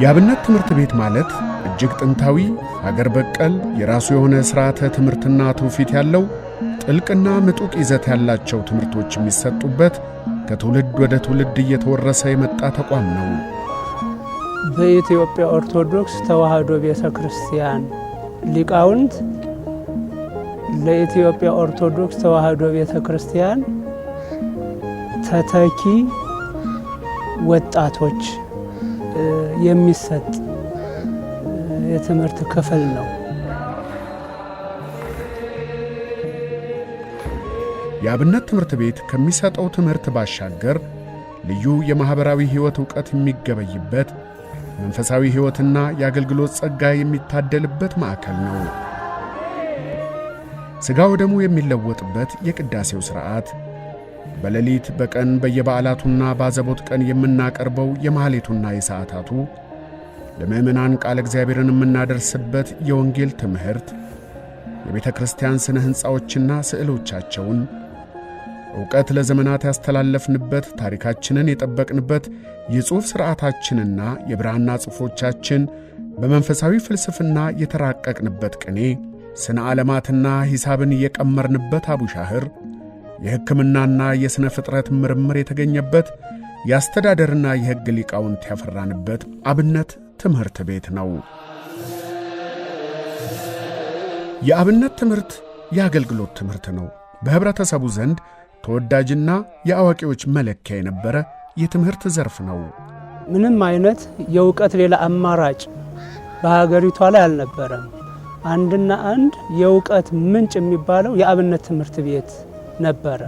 የአብነት ትምህርት ቤት ማለት እጅግ ጥንታዊ ሀገር በቀል የራሱ የሆነ ሥርዓተ ትምህርትና ትውፊት ያለው ጥልቅና ምጡቅ ይዘት ያላቸው ትምህርቶች የሚሰጡበት ከትውልድ ወደ ትውልድ እየተወረሰ የመጣ ተቋም ነው። በኢትዮጵያ ኦርቶዶክስ ተዋሕዶ ቤተ ክርስቲያን ሊቃውንት ለኢትዮጵያ ኦርቶዶክስ ተዋሕዶ ቤተ ክርስቲያን ተተኪ ወጣቶች የሚሰጥ የትምህርት ክፍል ነው። የአብነት ትምህርት ቤት ከሚሰጠው ትምህርት ባሻገር ልዩ የማኅበራዊ ሕይወት ዕውቀት የሚገበይበት መንፈሳዊ ሕይወትና የአገልግሎት ጸጋ የሚታደልበት ማዕከል ነው። ሥጋው ደሙ የሚለወጥበት የቅዳሴው ሥርዓት በሌሊት በቀን በየበዓላቱና በአዘቦት ቀን የምናቀርበው የማኅሌቱና የሰዓታቱ ለምእመናን ቃለ እግዚአብሔርን የምናደርስበት የወንጌል ትምህርት የቤተ ክርስቲያን ሥነ ሕንፃዎችና ስዕሎቻቸውን ዕውቀት ለዘመናት ያስተላለፍንበት ታሪካችንን የጠበቅንበት የጽሑፍ ሥርዓታችንና የብራና ጽሑፎቻችን በመንፈሳዊ ፍልስፍና የተራቀቅንበት ቅኔ ስነ ዓለማትና ሂሳብን የቀመርንበት አቡሻህር የሕክምናና የሥነ ፍጥረት ምርምር የተገኘበት የአስተዳደርና የሕግ ሊቃውንት ያፈራንበት አብነት ትምህርት ቤት ነው። የአብነት ትምህርት የአገልግሎት ትምህርት ነው። በኅብረተሰቡ ዘንድ ተወዳጅና የአዋቂዎች መለኪያ የነበረ የትምህርት ዘርፍ ነው። ምንም አይነት የእውቀት ሌላ አማራጭ በሀገሪቷ ላይ አልነበረም። አንድና አንድ የእውቀት ምንጭ የሚባለው የአብነት ትምህርት ቤት ነበረ።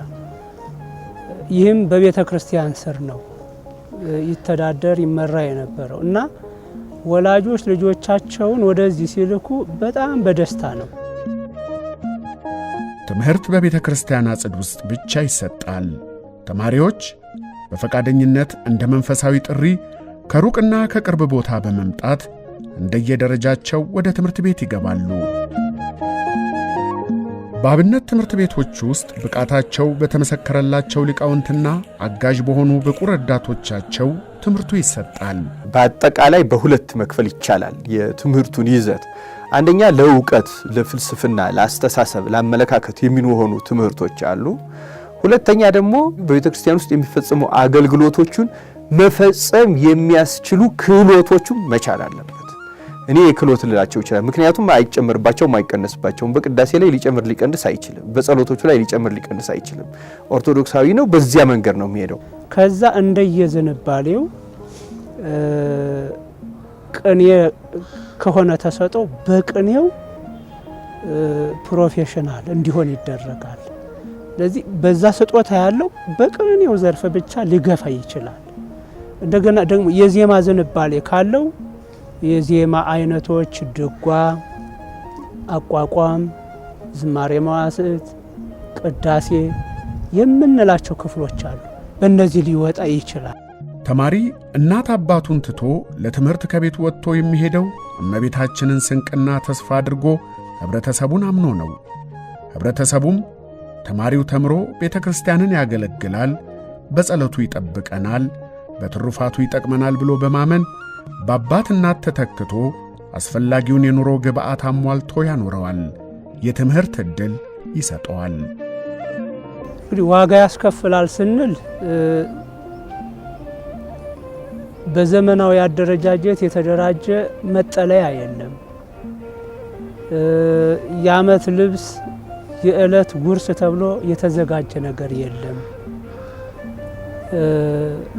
ይህም በቤተ ክርስቲያን ስር ነው ይተዳደር ይመራ የነበረው እና ወላጆች ልጆቻቸውን ወደዚህ ሲልኩ በጣም በደስታ ነው። ትምህርት በቤተ ክርስቲያን አጽድ ውስጥ ብቻ ይሰጣል። ተማሪዎች በፈቃደኝነት እንደ መንፈሳዊ ጥሪ ከሩቅና ከቅርብ ቦታ በመምጣት እንደየደረጃቸው ወደ ትምህርት ቤት ይገባሉ። በአብነት ትምህርት ቤቶች ውስጥ ብቃታቸው በተመሰከረላቸው ሊቃውንትና አጋዥ በሆኑ ብቁ ረዳቶቻቸው ትምህርቱ ይሰጣል። በአጠቃላይ በሁለት መክፈል ይቻላል የትምህርቱን ይዘት አንደኛ ለእውቀት፣ ለፍልስፍና፣ ለአስተሳሰብ፣ ለአመለካከት የሚሆኑ ትምህርቶች አሉ። ሁለተኛ ደግሞ በቤተ ክርስቲያን ውስጥ የሚፈጸሙ አገልግሎቶቹን መፈጸም የሚያስችሉ ክህሎቶቹን መቻል አለበት። እኔ የክህሎት ልላቸው ይችላል። ምክንያቱም አይጨምርባቸውም አይቀነስባቸውም። በቅዳሴ ላይ ሊጨምር ሊቀንስ አይችልም። በጸሎቶቹ ላይ ሊጨምር ሊቀንስ አይችልም። ኦርቶዶክሳዊ ነው። በዚያ መንገድ ነው የሚሄደው። ከዛ እንደየዝንባሌው ቅኔ ከሆነ ተሰጠው በቅኔው ፕሮፌሽናል እንዲሆን ይደረጋል። ስለዚህ በዛ ስጦታ ያለው በቅኔው ዘርፍ ብቻ ሊገፋ ይችላል። እንደገና ደግሞ የዜማ ዝንባሌ ካለው የዜማ አይነቶች ድጓ፣ አቋቋም፣ ዝማሬ መዋስዕት፣ ቅዳሴ የምንላቸው ክፍሎች አሉ። በእነዚህ ሊወጣ ይችላል። ተማሪ እናት አባቱን ትቶ ለትምህርት ከቤት ወጥቶ የሚሄደው እመቤታችንን ስንቅና ተስፋ አድርጎ ኅብረተሰቡን አምኖ ነው። ኅብረተሰቡም ተማሪው ተምሮ ቤተ ክርስቲያንን ያገለግላል፣ በጸሎቱ ይጠብቀናል፣ በትሩፋቱ ይጠቅመናል ብሎ በማመን በአባት እናት ተተክቶ አስፈላጊውን የኑሮ ግብዓት አሟልቶ ያኖረዋል፣ የትምህርት ዕድል ይሰጠዋል። እንግዲህ ዋጋ ያስከፍላል ስንል በዘመናዊ አደረጃጀት የተደራጀ መጠለያ የለም። የአመት ልብስ፣ የእለት ጉርስ ተብሎ የተዘጋጀ ነገር የለም።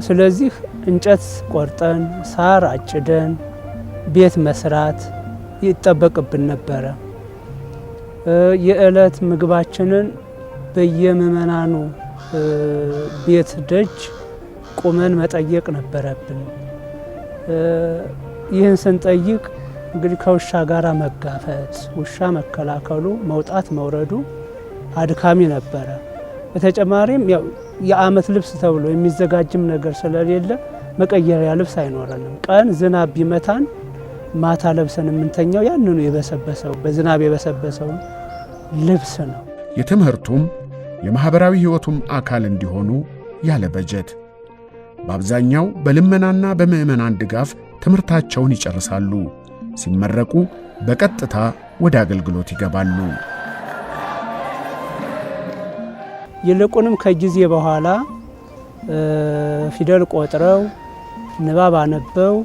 ስለዚህ እንጨት ቆርጠን ሳር አጭደን ቤት መስራት ይጠበቅብን ነበረ። የእለት ምግባችንን በየምእመናኑ ቤት ደጅ ቁመን መጠየቅ ነበረብን። ይህን ስንጠይቅ እንግዲህ ከውሻ ጋር መጋፈት ውሻ መከላከሉ፣ መውጣት መውረዱ አድካሚ ነበረ። በተጨማሪም የአመት ልብስ ተብሎ የሚዘጋጅም ነገር ስለሌለ መቀየሪያ ልብስ አይኖረንም። ቀን ዝናብ ቢመታን ማታ ለብሰን የምንተኛው ያንኑ የበሰበሰው በዝናብ የበሰበሰው ልብስ ነው። የትምህርቱም የማኅበራዊ ሕይወቱም አካል እንዲሆኑ ያለ በጀት በአብዛኛው በልመናና በምዕመናን ድጋፍ ትምህርታቸውን ይጨርሳሉ። ሲመረቁ በቀጥታ ወደ አገልግሎት ይገባሉ። ይልቁንም ከጊዜ በኋላ ፊደል ቆጥረው ንባብ አነበው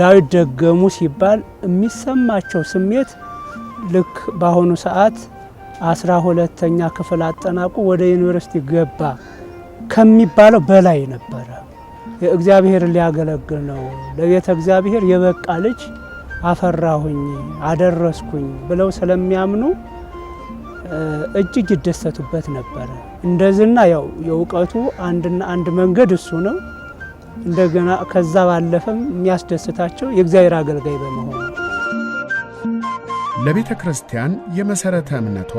ዳዊት ደገሙ ሲባል የሚሰማቸው ስሜት ልክ በአሁኑ ሰዓት አስራ ሁለተኛ ክፍል አጠናቁ ወደ ዩኒቨርሲቲ ገባ ከሚባለው በላይ ነበረ። እግዚአብሔርን ሊያገለግል ነው። ለቤተ እግዚአብሔር የበቃ ልጅ አፈራሁኝ አደረስኩኝ ብለው ስለሚያምኑ እጅግ ይደሰቱበት ነበረ። እንደዚህና ያው የእውቀቱ አንድና አንድ መንገድ እሱ ነው። እንደገና ከዛ ባለፈም የሚያስደስታቸው የእግዚአብሔር አገልጋይ በመሆኑ ለቤተ ክርስቲያን የመሠረተ እምነቷ፣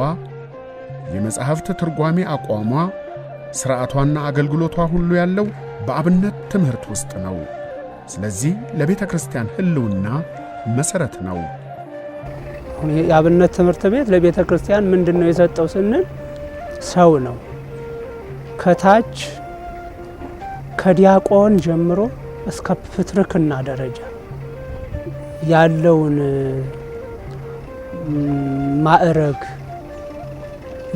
የመጻሕፍት ትርጓሜ አቋሟ፣ ሥርዓቷና አገልግሎቷ ሁሉ ያለው በአብነት ትምህርት ውስጥ ነው። ስለዚህ ለቤተ ክርስቲያን ሕልውና መሠረት ነው። የአብነት ትምህርት ቤት ለቤተ ክርስቲያን ምንድን ነው የሰጠው ስንል ሰው ነው። ከታች ከዲያቆን ጀምሮ እስከ ፕትርክና ደረጃ ያለውን ማዕረግ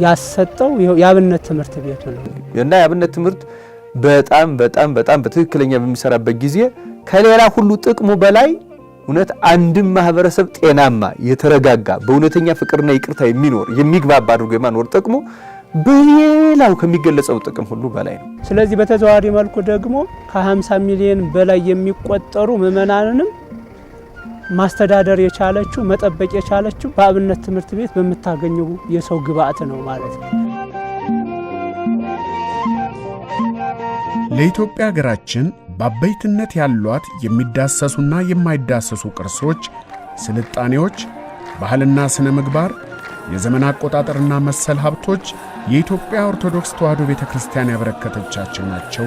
ያሰጠው የአብነት ትምህርት ቤቱ ነው እና የአብነት ትምህርት በጣም በጣም በጣም በትክክለኛ በሚሰራበት ጊዜ ከሌላ ሁሉ ጥቅሙ በላይ እውነት አንድም ማህበረሰብ ጤናማ፣ የተረጋጋ፣ በእውነተኛ ፍቅርና ይቅርታ የሚኖር የሚግባባ አድርጎ የማኖር ጥቅሙ በሌላው ከሚገለጸው ጥቅም ሁሉ በላይ ነው። ስለዚህ በተዘዋዋሪ መልኩ ደግሞ ከ50 ሚሊዮን በላይ የሚቆጠሩ ምዕመናንንም ማስተዳደር የቻለችው መጠበቅ የቻለችው በአብነት ትምህርት ቤት በምታገኘው የሰው ግብዓት ነው ማለት ነው። ለኢትዮጵያ ሀገራችን በአበይትነት ያሏት የሚዳሰሱና የማይዳሰሱ ቅርሶች፣ ስልጣኔዎች፣ ባህልና ሥነ ምግባር፣ የዘመን አቆጣጠርና መሰል ሀብቶች የኢትዮጵያ ኦርቶዶክስ ተዋሕዶ ቤተ ክርስቲያን ያበረከተቻቸው ናቸው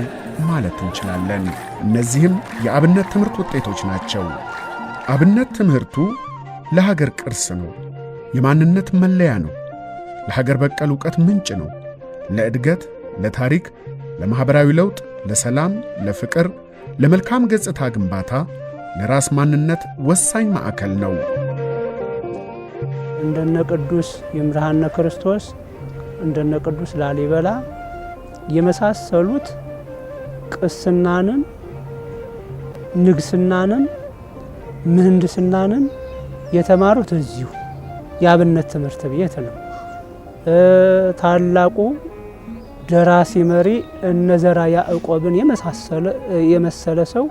ማለት እንችላለን። እነዚህም የአብነት ትምህርት ውጤቶች ናቸው። አብነት ትምህርቱ ለሀገር ቅርስ ነው፣ የማንነት መለያ ነው፣ ለሀገር በቀል ዕውቀት ምንጭ ነው፣ ለእድገት፣ ለታሪክ፣ ለማኅበራዊ ለውጥ ለሰላም፣ ለፍቅር፣ ለመልካም ገጽታ ግንባታ፣ ለራስ ማንነት ወሳኝ ማዕከል ነው። እንደነ ቅዱስ ይምርሃነ ክርስቶስ እንደነ ቅዱስ ላሊበላ የመሳሰሉት ቅስናንን፣ ንግስናንን፣ ምህንድስናንን የተማሩት እዚሁ የአብነት ትምህርት ቤት ነው። ታላቁ ደራሲ መሪ እነ ያዕቆብን የመሰለ ሰው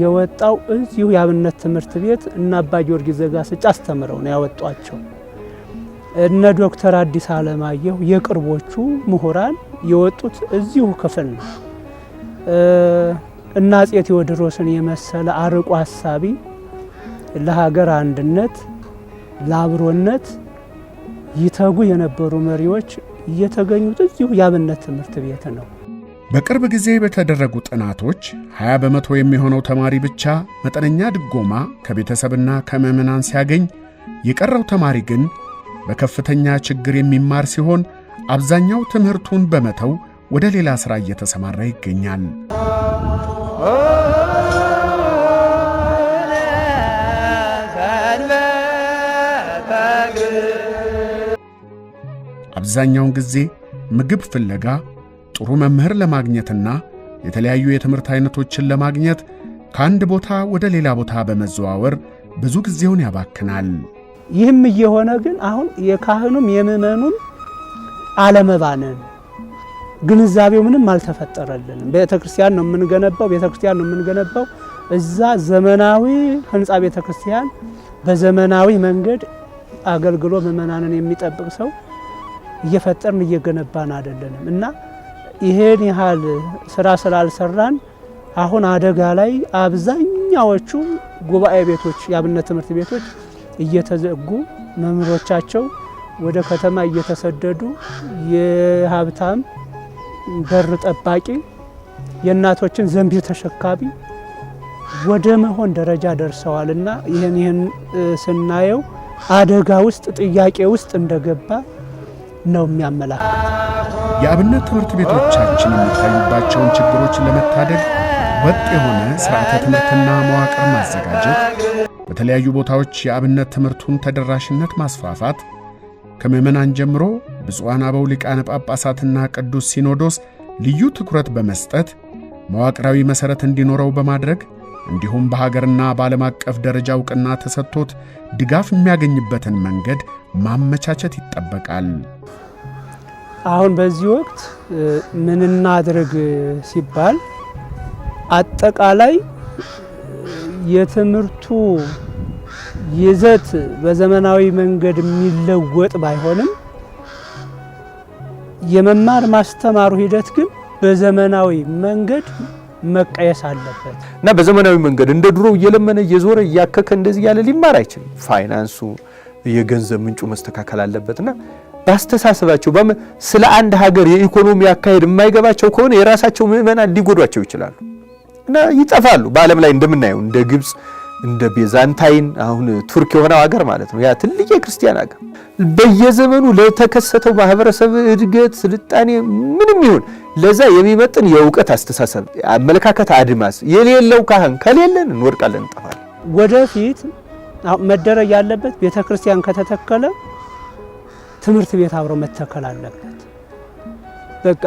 የወጣው እዚሁ የአብነት ትምህርት ቤት እና አባ ጊዮርጊስ ዘጋስጫ አስተምረው ነው ያወጧቸው። እነ ዶክተር አዲስ አለማየሁ የቅርቦቹ ምሁራን የወጡት እዚሁ ክፍል ነው። እና አፄ ቴዎድሮስን የመሰለ አርቆ ሀሳቢ ለሀገር አንድነት ለአብሮነት ይተጉ የነበሩ መሪዎች እየተገኙት እዚሁ የአብነት ትምህርት ቤት ነው። በቅርብ ጊዜ በተደረጉ ጥናቶች 20 በመቶ የሚሆነው ተማሪ ብቻ መጠነኛ ድጎማ ከቤተሰብና ከምዕመናን ሲያገኝ፣ የቀረው ተማሪ ግን በከፍተኛ ችግር የሚማር ሲሆን አብዛኛው ትምህርቱን በመተው ወደ ሌላ ሥራ እየተሰማራ ይገኛል። አብዛኛውን ጊዜ ምግብ ፍለጋ ጥሩ መምህር ለማግኘትና የተለያዩ የትምህርት አይነቶችን ለማግኘት ከአንድ ቦታ ወደ ሌላ ቦታ በመዘዋወር ብዙ ጊዜውን ያባክናል። ይህም እየሆነ ግን አሁን የካህኑም የምእመኑም አለመባነን ግንዛቤው ምንም አልተፈጠረልንም። ቤተ ክርስቲያን ነው የምንገነባው፣ ቤተ ክርስቲያን ነው የምንገነባው። እዛ ዘመናዊ ህንፃ ቤተ ክርስቲያን በዘመናዊ መንገድ አገልግሎ ምዕመናንን የሚጠብቅ ሰው እየፈጠርን እየገነባን አይደለንም እና ይሄን ያህል ስራ ስላልሰራን አሁን አደጋ ላይ አብዛኛዎቹ ጉባኤ ቤቶች፣ የአብነት ትምህርት ቤቶች እየተዘጉ መምህሮቻቸው ወደ ከተማ እየተሰደዱ የሀብታም በር ጠባቂ የእናቶችን ዘንቢል ተሸካቢ ወደ መሆን ደረጃ ደርሰዋልና ይህን ይህን ስናየው አደጋ ውስጥ ጥያቄ ውስጥ እንደገባ ነው የሚያመላክተው። የአብነት ትምህርት ቤቶቻችን የሚታዩባቸውን ችግሮች ለመታደግ ወጥ የሆነ ስርዓተ ትምህርትና መዋቅር ማዘጋጀት፣ በተለያዩ ቦታዎች የአብነት ትምህርቱን ተደራሽነት ማስፋፋት ከምዕመናን ጀምሮ ብፁዓን አበው ሊቃነ ጳጳሳትና ቅዱስ ሲኖዶስ ልዩ ትኩረት በመስጠት መዋቅራዊ መሠረት እንዲኖረው በማድረግ እንዲሁም በሀገርና በዓለም አቀፍ ደረጃ ዕውቅና ተሰጥቶት ድጋፍ የሚያገኝበትን መንገድ ማመቻቸት ይጠበቃል። አሁን በዚህ ወቅት ምን እናድርግ ሲባል አጠቃላይ የትምህርቱ ይዘት በዘመናዊ መንገድ የሚለወጥ ባይሆንም የመማር ማስተማሩ ሂደት ግን በዘመናዊ መንገድ መቀየስ አለበት እና በዘመናዊ መንገድ እንደ ድሮ እየለመነ እየዞረ እያከከ እንደዚህ ያለ ሊማር አይችልም። ፋይናንሱ የገንዘብ ምንጩ መስተካከል አለበት እና ባስተሳሰባቸው ስለ አንድ ሀገር የኢኮኖሚ አካሄድ የማይገባቸው ከሆነ የራሳቸው ምዕመናን ሊጎዷቸው ይችላሉ እና ይጠፋሉ። በዓለም ላይ እንደምናየው እንደ ግብፅ እንደ ቤዛንታይን አሁን ቱርክ የሆነው ሀገር ማለት ነው። ያ ትልቅ የክርስቲያን ሀገር በየዘመኑ ለተከሰተው ማህበረሰብ እድገት፣ ስልጣኔ ምንም ይሁን ለዛ የሚመጥን የእውቀት አስተሳሰብ፣ አመለካከት አድማስ የሌለው ካህን ከሌለን እንወድቃለን፣ እንጠፋለን። ወደፊት መደረግ ያለበት ቤተ ክርስቲያን ከተተከለ ትምህርት ቤት አብሮ መተከል አለበት። በቃ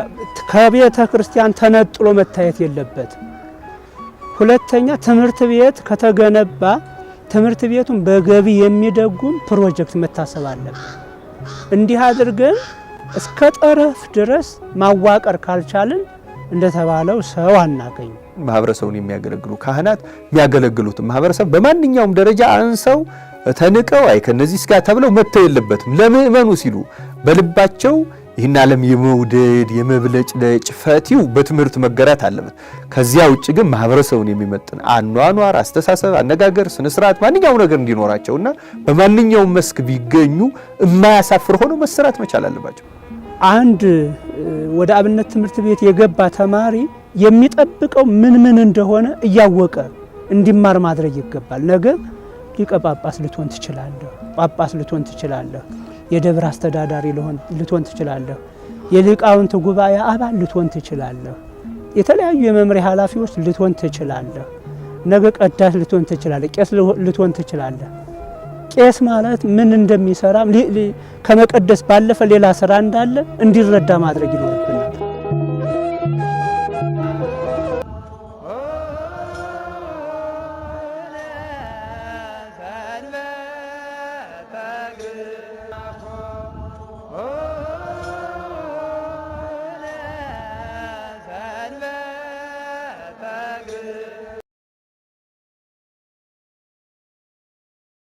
ከቤተ ክርስቲያን ተነጥሎ መታየት የለበትም። ሁለተኛ ትምህርት ቤት ከተገነባ ትምህርት ቤቱን በገቢ የሚደጉም ፕሮጀክት መታሰብ አለብን። እንዲህ አድርገን እስከ ጠረፍ ድረስ ማዋቀር ካልቻልን እንደተባለው ሰው አናገኝ። ማህበረሰቡን የሚያገለግሉ ካህናት የሚያገለግሉት ማህበረሰብ በማንኛውም ደረጃ አንሰው ተንቀው አይ ከነዚህ ስጋ ተብለው መተው የለበትም። ለምእመኑ ሲሉ በልባቸው ይህን ዓለም የመውደድ የመብለጭለጭ ፈቲው በትምህርት መገራት አለበት። ከዚያ ውጭ ግን ማህበረሰቡን የሚመጥን አኗኗር፣ አስተሳሰብ፣ አነጋገር፣ ስነስርዓት ማንኛውም ነገር እንዲኖራቸውና በማንኛውም መስክ ቢገኙ የማያሳፍር ሆነው መሰራት መቻል አለባቸው። አንድ ወደ አብነት ትምህርት ቤት የገባ ተማሪ የሚጠብቀው ምን ምን እንደሆነ እያወቀ እንዲማር ማድረግ ይገባል። ነገ ሊቀ ጳጳስ ልትሆን ትችላለህ፣ ጳጳስ ልትሆን ትችላለህ የደብር አስተዳዳሪ ልትሆን ትችላለህ። የሊቃውንት ጉባኤ አባል ልትሆን ትችላለህ። የተለያዩ የመምሪያ ኃላፊዎች ልትሆን ትችላለህ። ነገ ቀዳት ልትሆን ትችላለህ። ቄስ ልትሆን ትችላለህ። ቄስ ማለት ምን እንደሚሰራ ከመቀደስ ባለፈ ሌላ ስራ እንዳለ እንዲረዳ ማድረግ ይኖራል።